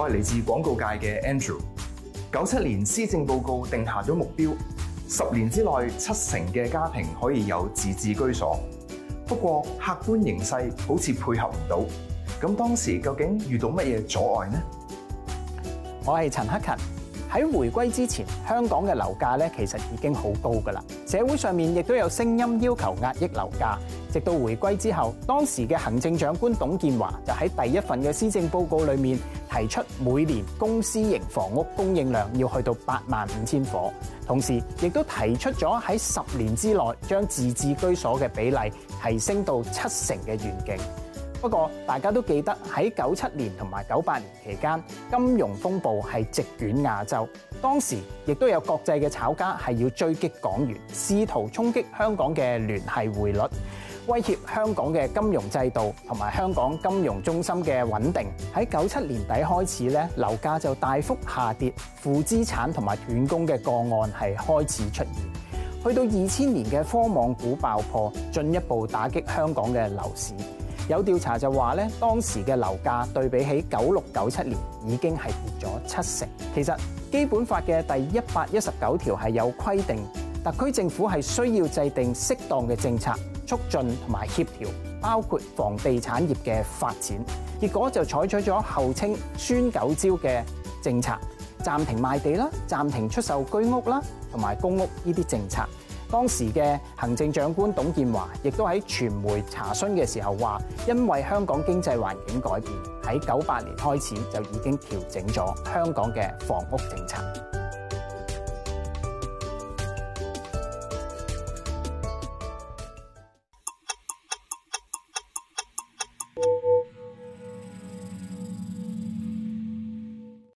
我係嚟自廣告界嘅 Andrew。九七年施政報告定下咗目標，十年之內七成嘅家庭可以有自置居所。不過客觀形勢好似配合唔到，咁當時究竟遇到乜嘢阻礙呢？我係陳克勤。喺回歸之前，香港嘅樓價咧其實已經好高㗎喇。社會上面亦都有聲音要求壓抑樓價。直到回歸之後，當時嘅行政長官董建華就喺第一份嘅施政報告裡面提出每年公私營房屋供應量要去到八萬五千伙，同時亦都提出咗喺十年之內將自置居所嘅比例提升到七成嘅願景。不過，大家都記得喺九七年同埋九八年期間，金融風暴係席捲亞洲。當時亦都有國際嘅炒家係要追擊港元，試圖衝擊香港嘅聯繫匯率，威脅香港嘅金融制度同埋香港金融中心嘅穩定。喺九七年底開始咧，樓價就大幅下跌，負資產同埋斷供嘅個案係開始出現。去到二千年嘅科網股爆破，進一步打擊香港嘅樓市。有調查就話咧，當時嘅樓價對比起九六九七年，已經係跌咗七成。其實基本法嘅第一百一十九條係有規定，特區政府係需要制定適當嘅政策，促進同埋協調，包括房地產業嘅發展。結果就採取咗後稱孫九招嘅政策，暫停賣地啦，暫停出售居屋啦，同埋公屋呢啲政策。當時嘅行政長官董建華亦都喺傳媒查詢嘅時候話，因為香港經濟環境改變，喺九八年開始就已經調整咗香港嘅房屋政策。